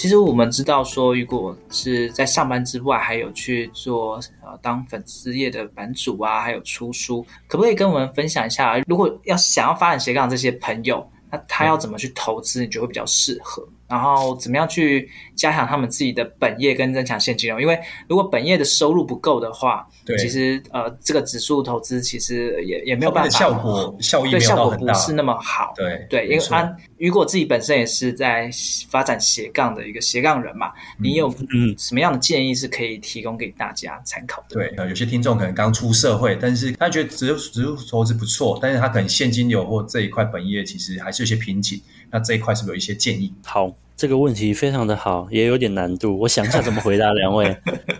其實我們知道說，如果是在上班之外，還有去做呃當粉絲頁的版主啊，還有出書，可不可以跟我們分享一下，如果要想要發展斜槓這些朋友，那他要怎麼去投資，你覺得會比較適合？然後怎麼樣去加強他們自己的本業跟增強現金流？因為如果本業的收入不夠的話，對，其實呃，這個指數投資其實也也沒有辦法，效果、呃、效益沒有到很大，對效果不是那麼好。對對，因為安錯、啊，如果自己本身也是在發展斜槓的一個斜槓人嘛，嗯、你有嗯什麼樣的建議是可以提供給大家參考的？的？對，有些聽眾可能剛出社會，但是他覺得指數指數投資不錯，但是他可能現金流或這一塊本業其實還是有些瓶頸，那這一塊是不是有一些建議？好。這個問題非常的好，也有點難度。我想一下怎麼回答兩位。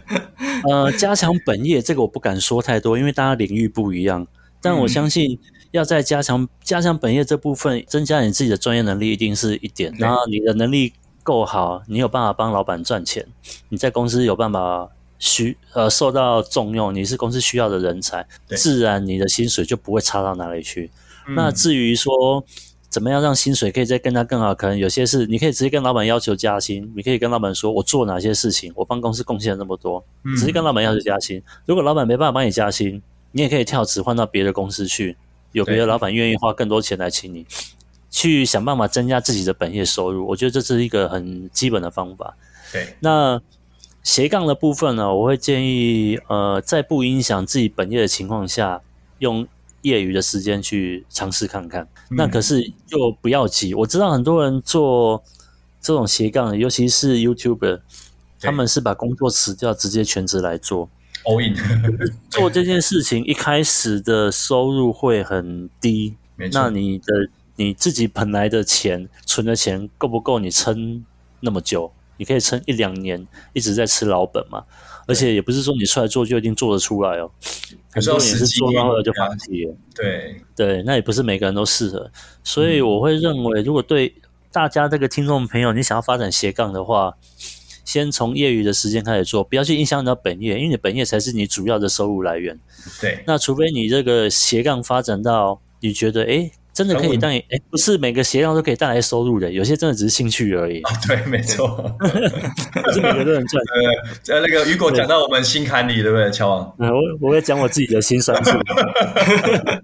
呃，加強本業這個我不敢說太多，因為大家領域不一樣。但我相信，要再加強、嗯、加強本業這部分，增加你自己的專業能力，一定是一點。對然後你的能力夠好，你有辦法幫老板賺錢，你在公司有辦法需呃受到重用，你是公司需要的人才，對自然你的薪水就不會差到哪裡去。嗯、那至於說，怎麼樣讓薪水可以再跟他更好？可能有些事你可以直接跟老板要求加薪，你可以跟老板說：“我做哪些事情，我幫公司貢獻了那麼多。嗯”直接跟老板要求加薪。嗯、如果老板沒辦法幫你加薪，你也可以跳槽換到別的公司去，有別的老板願意花更多錢來請你。對去想辦法增加自己的本業收入，我覺得這是一個很基本的方法。對，那斜槓的部分呢？我會建議，呃，在不影響自己本業的情況下，用。業餘的時間去嘗試看看。那可是就不要急。嗯、我知道很多人做這種斜槓，尤其是 YouTuber，對他們是把工作辭掉，直接全職來做。All in. 做這件事情，一開始的收入會很低。沒錯那你的你自己本來的錢、存的錢夠不夠你撐那麼久？你可以撐一兩年，一直在吃老本嘛？對 而且也不是說你出來做就一定做得出來哦，很多人也是做到了就放棄了。對對，那也不是每個人都適合，所以我會認為，如果對大家這個聽眾朋友，你想要發展斜槓的話，先從業餘的時間開始做，不要去影響你的本業，因為你本業才是你主要的收入來源。對，那除非你這個斜槓發展到你覺得哎、欸。真的可以帶哎、欸，不是每個斜槓都可以帶來收入的，有些真的只是興趣而已。哦、對，沒錯， 不是每個人賺。在那個雨果講到我們心坎裡。對，對不對？喬王，我我會講我自己的心酸處。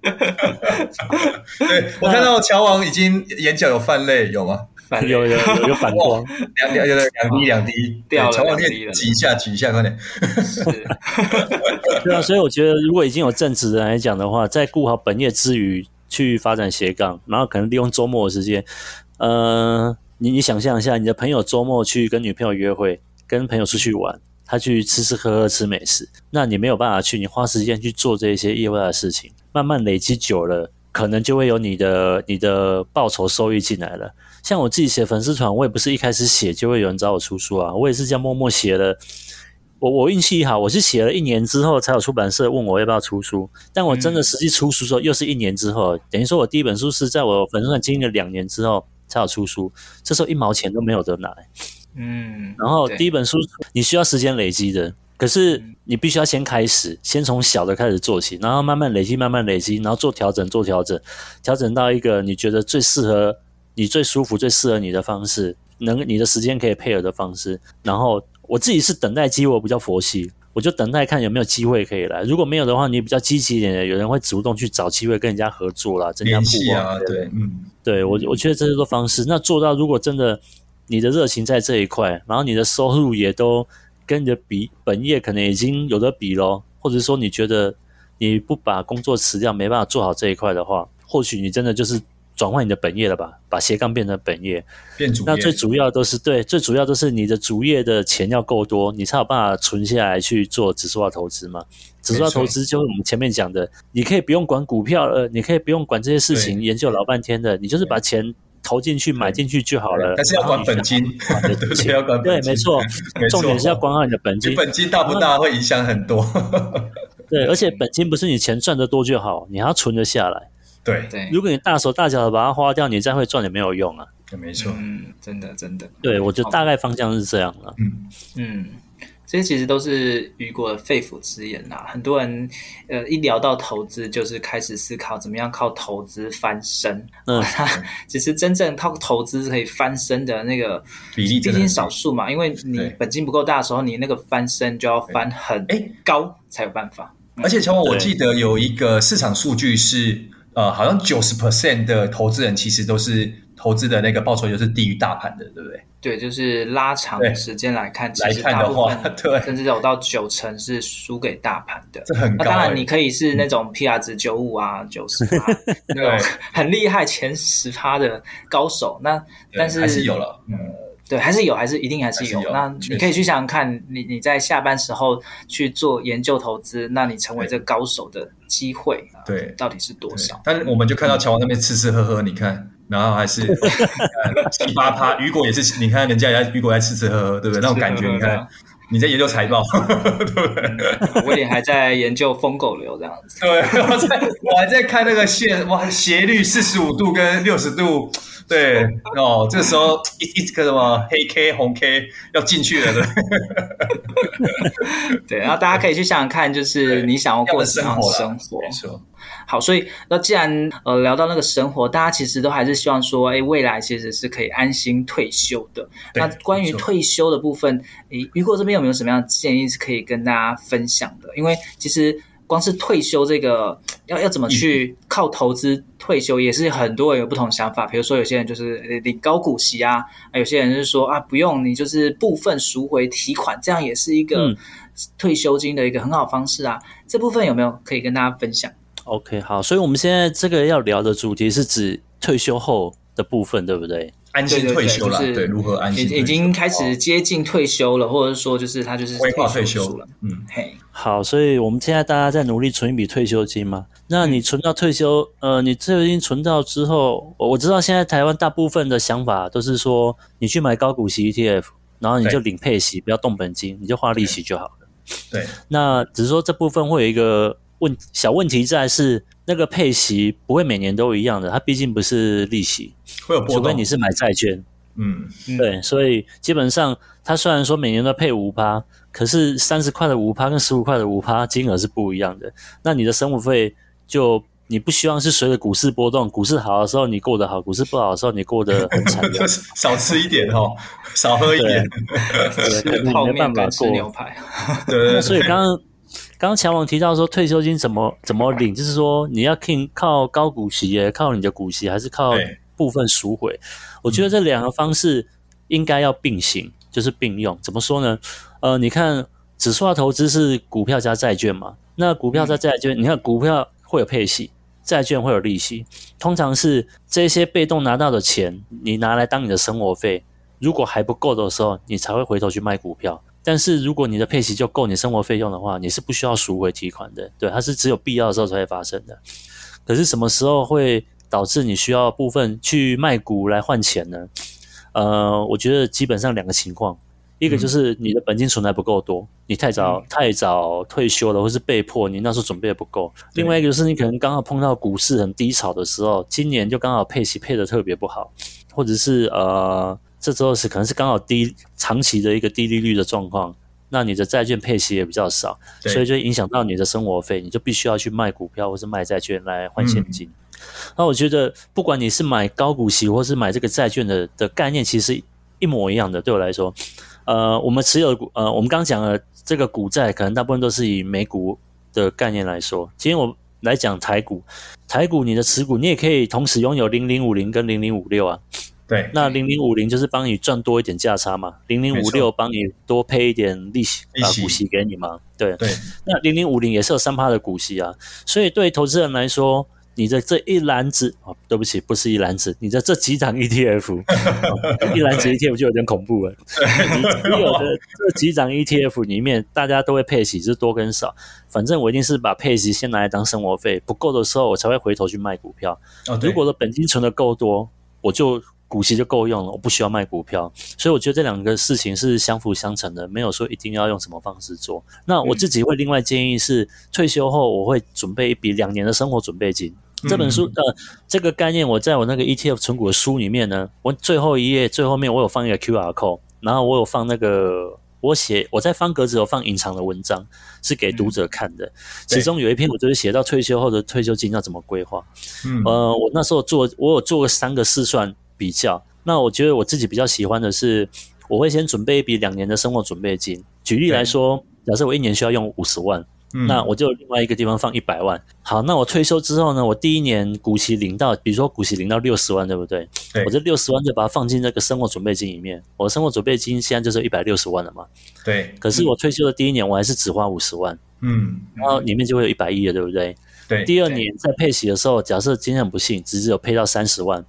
對，我看到喬王已經眼角有泛淚，有嗎？啊、有有有有反光，兩兩兩兩滴兩好滴掉，喬王又擠一下擠一下，快點。是， 對啊。所以我覺得，如果已經有正職的人來講的話，在顧好本業之餘，去發展斜槓，然後可能利用周末的時間，呃，你你想象一下，你的朋友周末去跟女朋友約會，跟朋友出去玩，他去吃吃喝喝吃美食，那你沒有辦法去，你花時間去做這些業外的事情，慢慢累積久了，可能就會有你的你的報酬收益進來了。像我自己寫粉絲團，我也不是一開始寫就會有人找我出書啊，我也是這樣默默寫了。我運氣好，我是寫了一年之後才有出版社問我要不要出書，但我真的實際出書的時候，又是一年之後，等於說我第一本書是在我粉專上經營了兩年之後才有出書，這時候一毛錢都沒有得拿。嗯，然後第一本書你需要時間累積的，可是你必須要先開始，先從小的開始做起，然後慢慢累積，慢慢累積，然後做調整，做調整，調整到一個你覺得最適合你、最舒服、最適合你的方式，能你的時間可以配合的方式，然後。我自己是等待機會，我比較佛系，我就等待看有沒有機會可以來，如果沒有的話，你比較積極一點的，有人會主動去找機會跟人家合作啦，啊、增加曝光。對，對嗯，對我我覺得這是個方式。那做到如果真的你的熱情在這一塊，然後你的收入也都跟你的比，本業可能已經有得比嘍，或者說你覺得你不把工作辭掉，沒辦法做好這一塊的話，或許你真的就是。轉換你的本業了吧，把斜槓變成本業。變主那最主要的都是對，最主要都是你的主業的錢要夠多，你才有辦法存下來去做指數化投資嘛。指數化錯投資就是我們前面講的，你可以不用管股票了，你可以不用管這些事情對研究老半天的，你就是把錢投進去對買進去就好了。但是要管本金，對，沒錯，沒錯重點是要管好你的本金。你本金大不大會影響很多。 對，而且本金不是你錢賺得多就好，你還要存得下來。對對，如果你大手大腳的把它花掉，你再會賺也沒有用啊。沒錯，嗯，真的真的。對，我覺得大概方向是這樣了。嗯嗯，這些其實都是雨果的肺腑之言吶。很多人呃，一聊到投資，就是開始思考怎麼樣靠投資翻身。嗯，嗯，其實真正靠投資可以翻身的那個比例，畢竟少數嘛。因為你本金不夠大的時候，你那個翻身就要翻很高才有辦法。嗯、而且喬王，我記得有一個市場數據是。呃，好像九十 percent 的投資人其實都是投資的那個報酬，就是低於大盤的，對不對？對，就是拉長時間來看，其實大部分，來看的話，甚至有到九成是輸給大盤的。那當然，你可以是那種 P R 值九五啊，九四啊，那種很厲害前十趴的高手。那但是還是有了，嗯，對，還是有，還是一定還是有。那你可以去想想看，你你在下班時候去做研究投資，那你成為這高手的機會、啊、對，到底是多少？但是我們就看到喬王那邊吃吃喝喝，你看，然後還是 七八趴， 雨果也是，你看人家雨果在吃吃喝喝，對不對？ 那種感覺，你看。 你在研究財報，對不對？我也還在研究瘋狗流這樣子 對。對，我還在看那個線，哇，斜率四十五度跟六十度，對 哦，這個時候一一個什麼黑 K 紅 K 要進去了，對。 對，然後大家可以去想想看，就是你想要過什麼樣的生活。沒錯。好，所以那既然呃聊到那個生活，大家其實都還是希望說，哎、欸，未來其實是可以安心退休的。對那關於退休的部分，誒錯，雨果這邊有沒有什麼樣的建議是可以跟大家分享的？因為其實光是退休這個，要要怎麼去靠投資退休，也是很多人有不同想法。嗯、比如說有些人就是領高股息啊，有些人就是說啊不用，你就是部分贖回提款，這樣也是一個退休金的一個很好方式啊。嗯、這部分有沒有可以跟大家分享？OK，好，所以我們現在這個要聊的主題是指退休後的部分，對不對？安心退休了，對，對，對，就是、對，如何安心退休？已經已經開始接近退休了，哦、或者說就是他就是規劃退休了退休。嗯，嘿，好，所以我們現在大家在努力存一筆退休金嘛？嗯、那你存到退休，呃，你退休金存到之後，我知道現在台灣大部分的想法都是說，你去買高股息 ETF，然後你就領配息，對不要動本金，你就花利息就好了。對，對那只是說這部分會有一個。嗯問小問題在是那個配息不會每年都一樣的，它畢竟不是利息，會有波動。除非你是買債券，嗯，對。所以基本上它雖然說每年都配五趴，可是三十塊的五趴跟十五塊的五趴金額是不一樣的。那你的生活費就你不希望是隨着股市波動，股市好的時候你過得好，股市不好的時候你過得很慘的， 少吃一點哦，少 喝一點，吃泡麵、乾吃牛排。對，所以剛剛。剛剛槓王提到說，退休金怎麼怎麼領，就是說你要靠靠高股息，靠你的股息，還是靠部分贖回？哎、我覺得這兩個方式應該要並行，就是並用。怎麼說呢？呃，你看指數化投資是股票加債券嘛，那股票加債券，嗯、你看股票會有配息，債券會有利息，通常是這些被動拿到的錢，你拿來當你的生活費。如果還不夠的時候，你才會回頭去賣股票。但是如果你的配息就夠你生活費用的話，你是不需要贖回提款的。對，它是只有必要的時候才會發生的。可是什麼時候會導致你需要部分去賣股來換錢呢？呃，我覺得基本上兩個情況，一個就是你的本金存在不夠多，嗯、你太早、嗯、太早退休了，或是被迫，你那時候準備不夠；嗯、另外一個就是你可能剛好碰到股市很低潮的時候，今年就剛好配息配得特別不好，或者是呃。這周是可能是剛好低長期的一個低利率的狀況，那你的債券配息也比較少，對所以就影響到你的生活費，你就必須要去賣股票或是賣債券來換現金。嗯、那我覺得，不管你是買高股息或是買這個債券的的概念，其實一模一樣的。對我來說，呃，我們持有股，呃，我們剛講了這個股債，可能大部分都是以美股的概念來說。今天我來講台股，台股你的持股，你也可以同時擁有零零五零跟零零五六啊。對，對那零零五零，就是幫你賺多一點價差嘛，零零五六幫你多配一點利息，利息，把股息給你嘛。對，對。那零零五零也是有三趴的股息啊，所以對投資人來說，你的這一籃子哦，對不起，不是一籃子，你的這幾檔 ETF、哦、 對一籃子 ETF 就有點恐怖了。 你有的這幾檔 ETF 裡面，大家都會配息，是多跟少，反正我一定是把配息先拿來當生活費，不夠的時候我才會回頭去賣股票。哦、如果本金存的夠多，我就。股息就夠用了，我不需要賣股票，所以我覺得這兩個事情是相輔相成的，沒有說一定要用什麼方式做。那我自己會另外建議是，退休後我會準備一筆兩年的生活準備金。嗯、這本書呃，嗯、這個概念我在我那個 ETF 存股的書裡面呢，我最後一頁最後面我有放一個 QR code，然後我有放那個我寫我在方格子有放隱藏的文章，是給讀者看的。嗯、其中有一篇我就是寫到退休後的退休金要怎麼規劃。嗯，呃，我那時候做我有做過三個試算。比較，那我覺得我自己比較喜歡的是，我會先準備一筆兩年的生活準備金。舉例來說，對假設我一年需要用五十萬，嗯、那我就有另外一個地方放一百萬。好，那我退休之後呢，我第一年股息領到，比如說股息領到六十萬，對不對？對我這六十萬就把它放進這個生活準備金裡面，我的生活準備金現在就是一百六十萬了嘛。對。可是我退休的第一年，我還是只花五十萬，嗯，然後裡面就會有一百一十了，對不對？對。對第二年在配息的時候，假設今天很不幸只只有配到三十萬。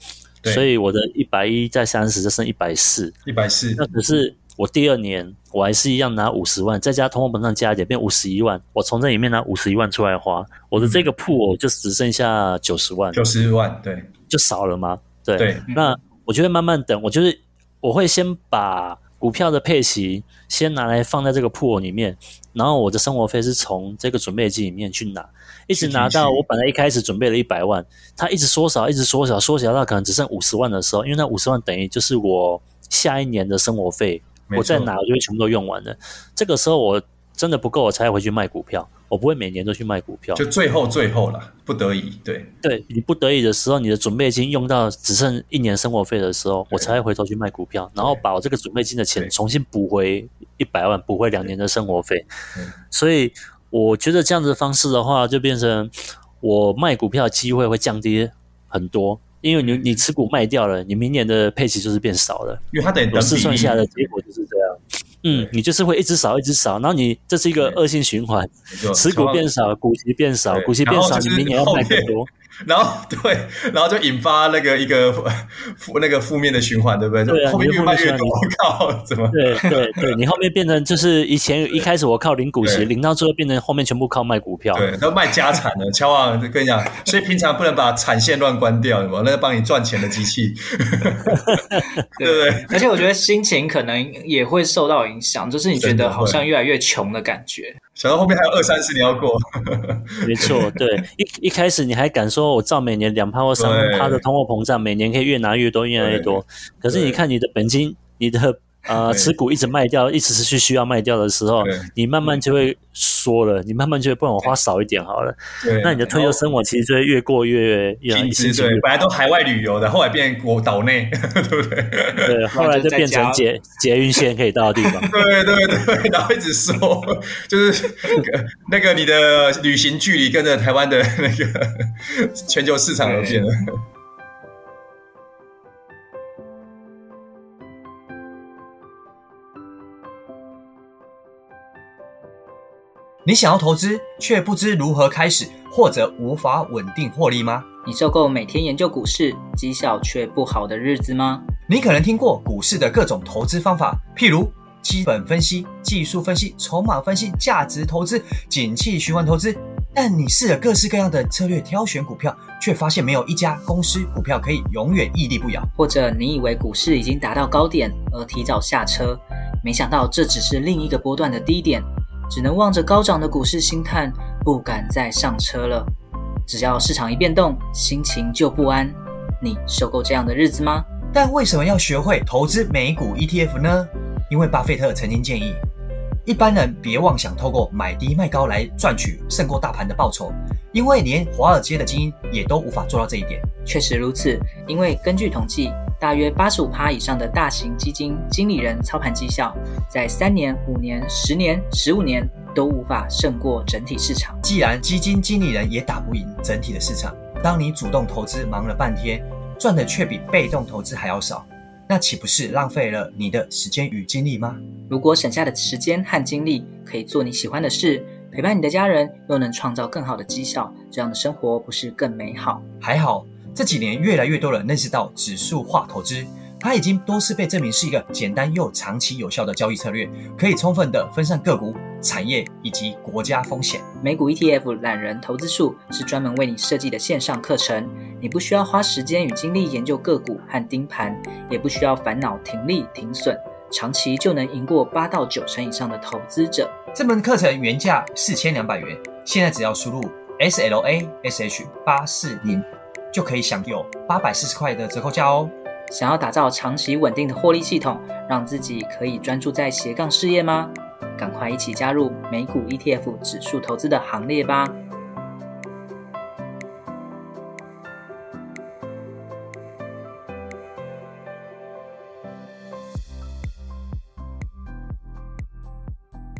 對所以我的一百一再三十，就剩一百四。一百四。那可是我第二年，我還是一樣拿五十萬，再加通貨膨脹加一點，變五十一萬。我從這裡面拿五十一萬出來花，我的這個鋪就只剩下九十萬。九十萬，對，就少了嗎？對。對，那我就會慢慢等，我就是我會先把。股票的配息先拿來放在這個 pool 裡面，然後我的生活費是從這個準備金裡面去拿，一直拿到我本來一開始準備了一百萬，它一直縮小，一直縮小，縮小到可能只剩五十萬的時候，因為那五十萬等於就是我下一年的生活費，錯我再拿我就全部都用完了，這個時候我。真的不夠，我才會回去賣股票。我不會每年都去賣股票，就最後最後了，不得已。對，對你不得已的時候，你的準備金用到只剩一年生活費的時候，對我才會回頭去賣股票，然後把我這個準備金的錢重新補回一百萬，補回兩年的生活費。所以我覺得這樣子的方式的話，就變成我賣股票的機會會降低很多，因為你你持股賣掉了，你明年的配息就是變少了，因為它等於試算一下的結果就是這樣。嗯，對你就是會一直少，一直少，然後你這是一個惡性循環，持股對變少，股息對變少，股息對變少，你明年要賣更多。然後對，然後就引發那個一個負那個負面的循環，對不對？對，後面越賣越多，靠，怎麼？對對對，你後面變成就是以前一開始我靠領股息，領到最後變成後面全部靠賣股票，對，都賣家產了。喬王，跟你講，所以平常不能把產線亂關掉，是吧？那個幫你賺錢的機器，對不對？而且我覺得心情可能也會受到影響，就是你覺得好像越來越窮的感覺，想到後面還有二三十年要過，沒錯，對，一一開始你還敢說。我照每年兩趴或三趴的通貨膨脹，對每年可以越拿越多，越來越多。對可是你看你的本金，對你的。啊，持股一直賣掉，一直是需要賣掉的時候，你慢慢就會說了，你慢慢就會不然我花少一點好了。那你的退休生活其實就會越過越貧瘠，本來都海外旅遊的，後來變國島內，對不對？對，後來就變成捷捷運線可以到的地方。對對對，然後一直說，就是那個你的旅行距離跟着台灣的那個全球市場都變了。你想要投資，卻不知如何開始，或者無法穩定獲利嗎？你受夠每天研究股市，績效卻不好的日子嗎？你可能聽過股市的各種投資方法，譬如基本分析、技術分析、籌碼分析、價值投資、景氣循環投資，但你試了各式各樣的策略挑選股票，却发現沒有一家公司股票可以永遠屹立不搖。或者你以為股市已經達到高點而提早下車，沒想到這只是另一個波段的低點。只能望着高漲的股市興嘆，不敢再上車了。只要市場一變動，心情就不安。你受夠這樣的日子嗎？但為什麼要學會投資美股 ETF 呢？因為巴菲特曾經建議，一般人別妄想透過買低賣高來賺取勝過大盤的報酬，因為連華爾街的精英也都無法做到這一點。確實如此，因為根據統計。大約八十五趴以上的大型基金經理人操盤績效，在三年、五年、十年、十五年都無法勝過整體市場。既然基金經理人也打不贏整體的市場，當你主動投資忙了半天，賺的卻比被動投資還要少，那豈不是浪費了你的時間與精力嗎？如果省下的時間和精力可以做你喜歡的事，陪伴你的家人，又能創造更好的績效，這樣的生活不是更美好？還好。這幾年，越來越多人認識到指數化投資，它已經多次被證明是一個簡單又長期有效的交易策略，可以充分的分散個股、產業以及國家風險。美股 ETF 懶人投資術是專門為你設計的線上課程，你不需要花時間與精力研究個股和盯盤，也不需要煩惱停利停損，長期就能贏過八到九成以上的投資者。這門課程原價四千兩百元，現在只要輸入 S L A S H 八四零。就可以享有八百四十塊的折扣價哦！想要打造長期穩定的獲利系統，讓自己可以專注在斜槓事業嗎？趕快一起加入美股 ETF 指數投資的行列吧！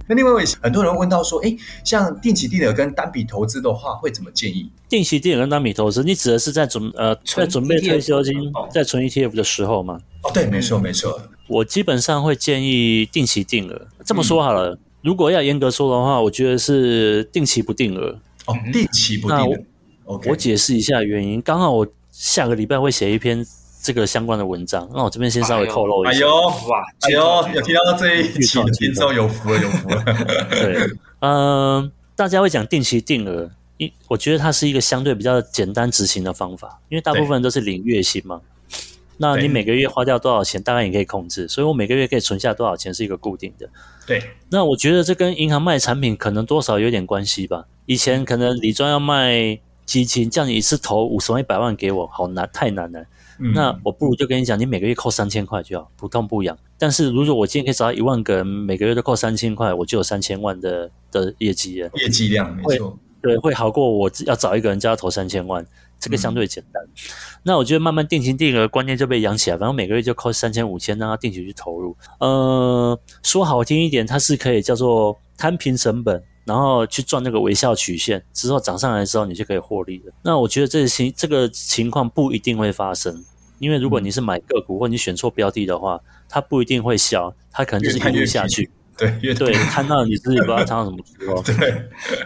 那另外，很多人問到說，哎、欸，像定期定額跟單筆投資的話，會怎麼建議？定期定額跟單筆投資，你指的是在準呃存 ETF，在準備退休金，哦、在存 ETF 的時候嗎？哦，對，沒錯，嗯、沒錯。我基本上會建議定期定額。這麼說好了，嗯、如果要嚴格說的話，我覺得是定期不定額。哦，定期不定額。我，嗯、我解釋一下原因。Okay、剛好我下個禮拜會寫一篇。這個相關的文章，那我這邊先稍微透露一下。哎呦，吧哎呦哇，有有提到這一期，聽眾有福了，有福了。 對，嗯、呃，大家會講定期定額，一我覺得它是一個相對比較簡單執行的方法，因為大部分都是領月薪嘛。對那你每個月花掉多少錢，對大概也可以控制，所以我每個月可以存下多少錢是一個固定的。對，那我覺得這跟銀行賣的產品可能多少有點關係吧。以前可能理專要賣基金，叫你一次投五十萬、一百萬給我，好難，太難了。那我不如就跟你講，你每個月扣三千塊就好，不痛不癢。但是如果我今天可以找到一萬個人，每個月都扣三千塊，我就有三千萬的的業績了。業績量沒錯，對，會好過我要找一個人叫他投三千萬，這個相對簡單。嗯、那我覺得慢慢定型定額觀念就被養起來，反正每個月就扣三千五千，讓他定期去投入。呃，說好聽一點，它是可以叫做攤平成本，然後去賺那個微笑曲線之後漲上來之後，你就可以獲利的。那我覺得這情這個情況不一定會發生。因為如果你是買個股，或你選錯標的的話，嗯、它不一定會消，它可能就是一路下去。對，對，對越攤到你自己不知道攤到什麼時候 對,對,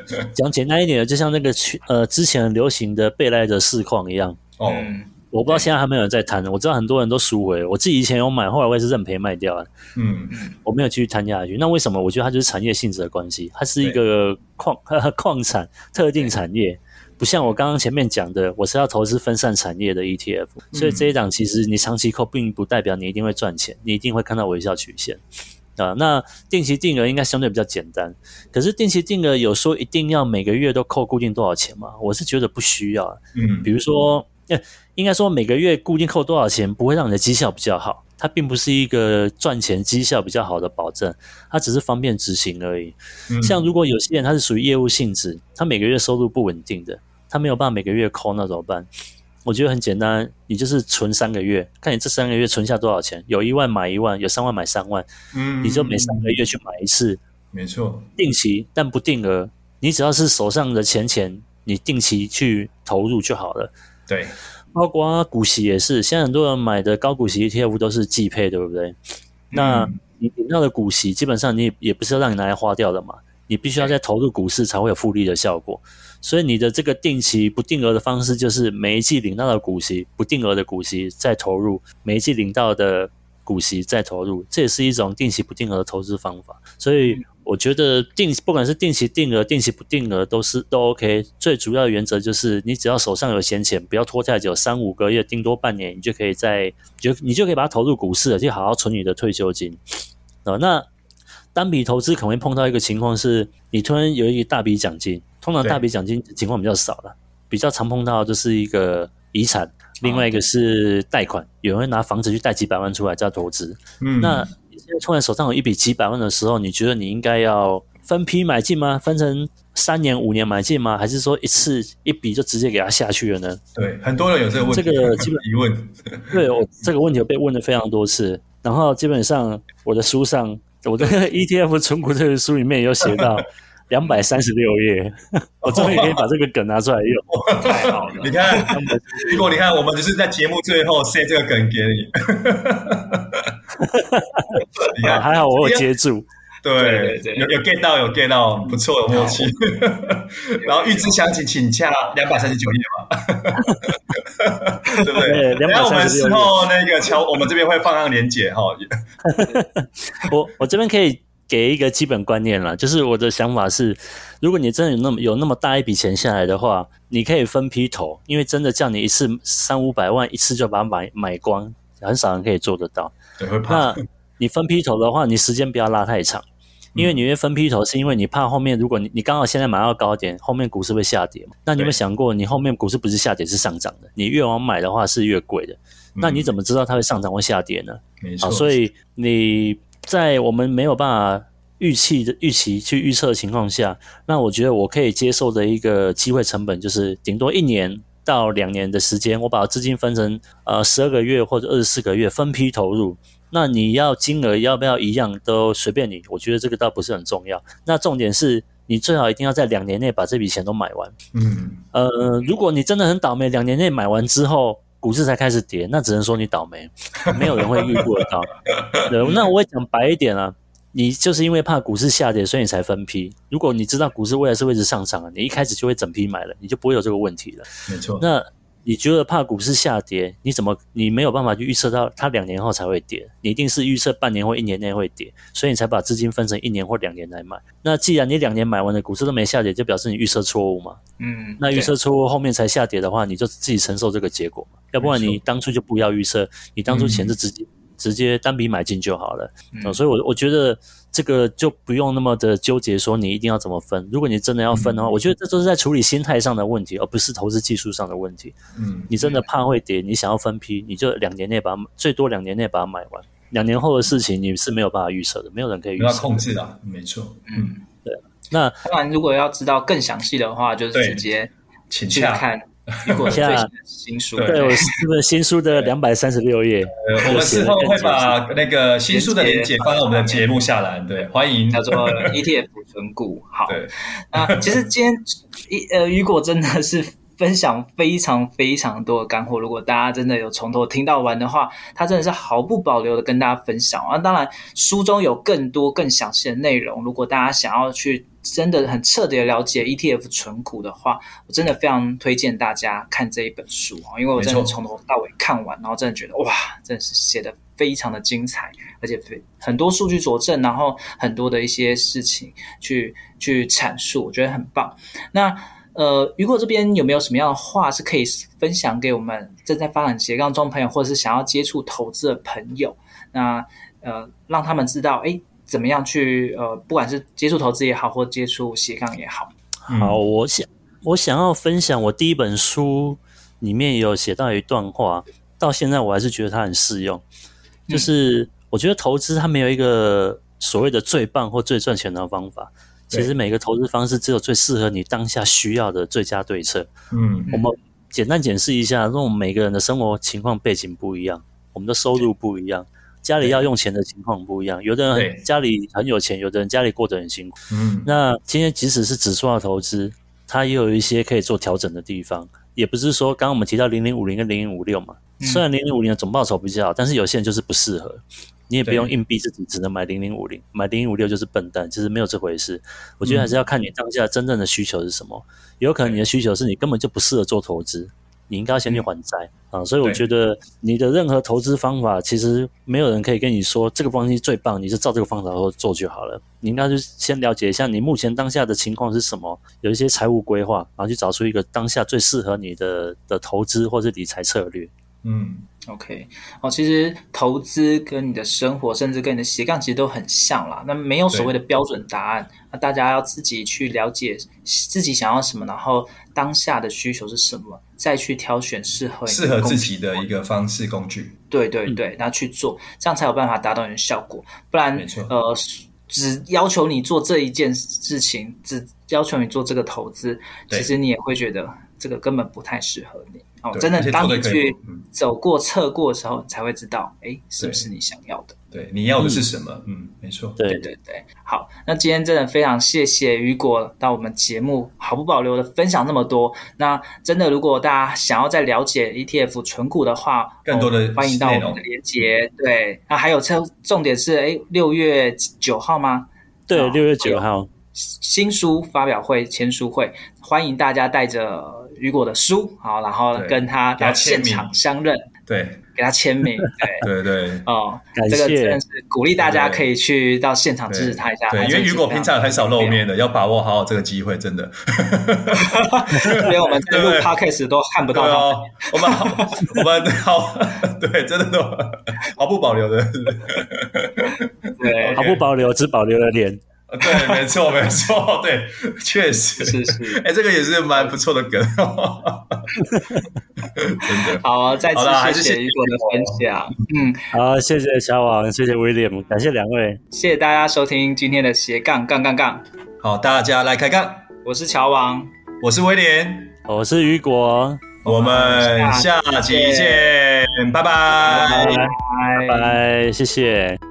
對講簡單一點的，就像那個呃之前流行的貝萊德世礦一樣。哦、嗯。我不知道現在還沒有人在攤，對我知道很多人都贖回，我自己以前有買，後來我也是認賠賣掉了。嗯嗯。我沒有繼續攤下去，那為什麼？我覺得它就是產業性質的關係，它是一個礦、對啊、礦產特定產業。對嗯不像我剛剛前面講的，我是要投資分散產業的 ETF，所以這一檔其實你長期扣，並不代表你一定會賺錢，你一定會看到微笑曲線啊。那定期定額應該相對比較簡單，可是定期定額有說一定要每個月都扣固定多少錢嗎？我是覺得不需要。嗯，比如說，應該說每個月固定扣多少錢，不會讓你的績效比較好，它並不是一個賺錢績效比較好的保證，它只是方便執行而已。像如果有些人他是屬於業務性質，他每個月收入不穩定的。他沒有辦法每個月扣，那怎麼辦？我覺得很簡單，你就是存三個月，看你這三個月存下多少錢，有一萬買一萬，有三萬買三萬，嗯，你就每三個月去買一次，沒錯，定期但不定額，你只要是手上的錢錢，你定期去投入就好了，對，包括股息也是，現在很多人買的高股息 ETF 都是季配，對不對？嗯、那你要的股息基本上你也也不是要讓你拿來花掉的嘛。你必須要再投入股市，才會有複利的效果。所以你的這個定期不定額的方式，就是每一季領到的股息不定額的股息再投入，每一季領到的股息再投入，這也是一種定期不定額的投資方法。所以我覺得定不管是定期定額、定期不定額，都是都 OK。最主要的原則就是你只要手上有閒錢，不要拖太久，三五個月、定多半年，你就可以在就你就可以把它投入股市了，就好好存你的退休金。呃，那單筆投資可能會碰到一個情況是，你突然有一大筆獎金。通常，大筆獎金情況比較少了，對比較常碰到的就是一個遺產，哦、另外一個是貸款，有人會拿房子去貸幾百萬出來叫投資。嗯，那突然手上有一筆幾百萬的時候，你覺得你應該要分批買進嗎？分成三年、五年買進嗎？還是說一次一筆就直接給它下去了呢？對，很多人有這個問題，這個基本疑問，問。對，我這個問題被問了非常多次， 然後基本上我的書上。我在那個 ETF 存股這本書裡面有寫到兩百三十六頁， 我終於可以把這個梗拿出來用，太好了！你看， 如果你看，我們只是在節目最後塞這個梗給你，哈哈，還好我有接住。對，對對對對有有 get 到，有 get 到、嗯，不錯，有默契。然後欲知詳情，請洽兩百三十九頁嘛， 對不對？ 對，然後我們之後那個喬， 我們這邊會放上連結哈。我我這邊可以給一個基本觀念啦，就是我的想法是，如果你真的有那麼有那麼大一筆錢下來的話，你可以分批投，因為真的叫你一次三五百萬一次就把它買買光，很少人可以做得到。會那你分批投的話，你時間不要拉太長。因為你越分批投，是因為你怕後面，如果你你剛好現在買到高一點，後面股市會下跌嘛。那你有沒有想過，你後面股市不是下跌是上漲的？你越往買的話是越貴的。那你怎麼知道它會上漲或下跌呢？嗯、沒錯、啊，所以你在我們沒有辦法預期的預期去預測的情況下，那我覺得我可以接受的一個機會成本就是頂多一年到兩年的時間，我把資金分成呃十二個月或者二十四個月分批投入。那你要金額要不要一樣都隨便你？我覺得這個倒不是很重要。那重點是你最好一定要在兩年內把這筆錢都買完。嗯。呃，如果你真的很倒霉，兩年內買完之後股市才開始跌，那只能說你倒霉，沒有人會預估得到。 對，那我也講白一點啊，你就是因為怕股市下跌，所以你才分批。如果你知道股市未來是會一直上漲，你一開始就會整批買了，你就不會有這個問題了。沒錯錯。那。你覺得怕股市下跌，你怎麼，你沒有辦法去預測到它兩年後才會跌。你一定是預測半年或一年內會跌，所以你才把資金分成一年或兩年來買。那既然你兩年買完的股市都沒下跌，就表示你預測錯誤嘛。嗯，那預測錯誤後面才下跌的話，你就自己承受這個結果嘛。要不然你當初就不要預測，你當初錢是自己、嗯。直接單筆買進就好了，嗯呃、所以我，我我覺得這個就不用那麼的糾結，說你一定要怎麼分。如果你真的要分的話，嗯、我覺得這都是在處理心態上的問題，嗯、而不是投資技術上的問題。嗯，你真的怕會跌，嗯、你想要分批，你就兩年內把它、嗯、最多兩年內把它買完。兩年後的事情你是沒有辦法預測的，沒有人可以預測。要控制的、啊，沒錯。嗯，對。那當然，如果要知道更詳細的話，就是直接請去看看。雨果最新的，新書對，是不對對新書的兩百三十六頁。呃對，就閒 我們事後會把那個新書的鏈接放到我們的節目下來，對，歡迎叫做 ETF 存股。好，對， 啊，其實今天一呃，雨果真的是。分享非常非常多的乾貨，如果大家真的有從頭聽到完的話，他真的是毫不保留的跟大家分享啊。當然，書中有更多更詳細的內容。如果大家想要去真的很徹底了解 ETF 存股的話，我真的非常推薦大家看這一本書，因為我真的從頭到尾看完，沒錯。然後真的覺得哇，真的是寫得非常的精彩，而且非很多數據佐證，然後很多的一些事情去去闡述，我覺得很棒。那。呃，如果這邊有沒有什麼樣的話，是可以分享給我們正在發展斜槓中的朋友，或者是想要接觸投資的朋友，那呃，讓他們知道，哎、欸，怎麼樣去呃，不管是接觸投資也好，或接觸斜槓也好。好，我想，我想要分享，我第一本書裡面有寫到一段話，到現在我還是覺得它很適用。就是我覺得投資它沒有一個所謂的最棒或最賺錢的方法。對其實每個投資方式只有最適合你當下需要的最佳對策。嗯，我們簡單解釋一下，因為我們每個人的生活情況背景不一樣，我們的收入不一樣，對家裡要用錢的情況不一樣。對有的人家裡很有錢，對有的人家裡過得很辛苦。嗯對，那今天即使是指數化的投資，它也有一些可以做調整的地方。也不是說剛剛我們提到零零五零跟零零五六嘛，雖然零零五零的總報酬比較好，但是有些人就是不適合，你也不用硬逼自己，對只能買零零五零，買零零五六就是笨蛋，其、就、實、是、沒有這回事。我覺得還是要看你當下真正的需求是什麼？嗯、有可能你的需求是你根本就不適合做投資，對你應該先去還債、嗯、啊。所以我覺得你的任何投資方法，對其實沒有人可以跟你說這個方式最棒，你就照這個方法做就好了。你應該就先了解一下你目前當下的情況是什麼，有一些財務規劃，然後去找出一個當下最適合你的的投資或是理財策略。嗯，OK，哦，其實投資跟你的生活，甚至跟你的斜槓，其實都很像啦。那沒有所謂的標準答案，對那大家要自己去了解自己想要什麼，然後當下的需求是什麼，再去挑選適合適合自己的一個方式工具。對對對，嗯、然後去做，這樣才有辦法達到你的效果。不然，錯呃，只要求你做這一件事情，只要求你做這個投資，其實你也會覺得這個根本不太適合你。哦，真的，對當你去走過、測過的時候，對嗯、才會知道，哎、欸，是不是你想要的？對，你要的是什麼？嗯，嗯，沒錯。對對對，好，那今天真的非常謝謝雨果到我們節目，毫不保留的分享那麼多。那真的，如果大家想要再了解 ETF 純股的話，哦、更多的歡迎到我們的連接。對，那還有側重點是，哎、欸，六月九號嗎？對，六月九號、哦欸、新書發表會、簽書會，歡迎大家帶着。雨果的書，好，然後跟他到現場相認，對，給他簽名，對，對對，哦，這個真的是鼓勵大家可以去到現場支持他一下，對，因為雨果平常很少露面的，要把握好好這個機會，真的，連我們這個錄 podcast 都看不到他，我們好，我們好，對，真的都毫不保留的，對，毫不保留，只保留了臉。對，沒錯， 沒錯，對，確實是是。哎、欸，這個也是蠻不錯的梗，喔， 真的。好，再次謝謝雨果的分享。嗯，好，啊，謝謝喬王，謝謝威廉，感謝兩位，謝謝大家收聽今天的斜槓槓槓槓。好，大家來開槓。我是喬王，我是威廉，我是雨果，我們下集見，拜拜，拜拜，謝謝。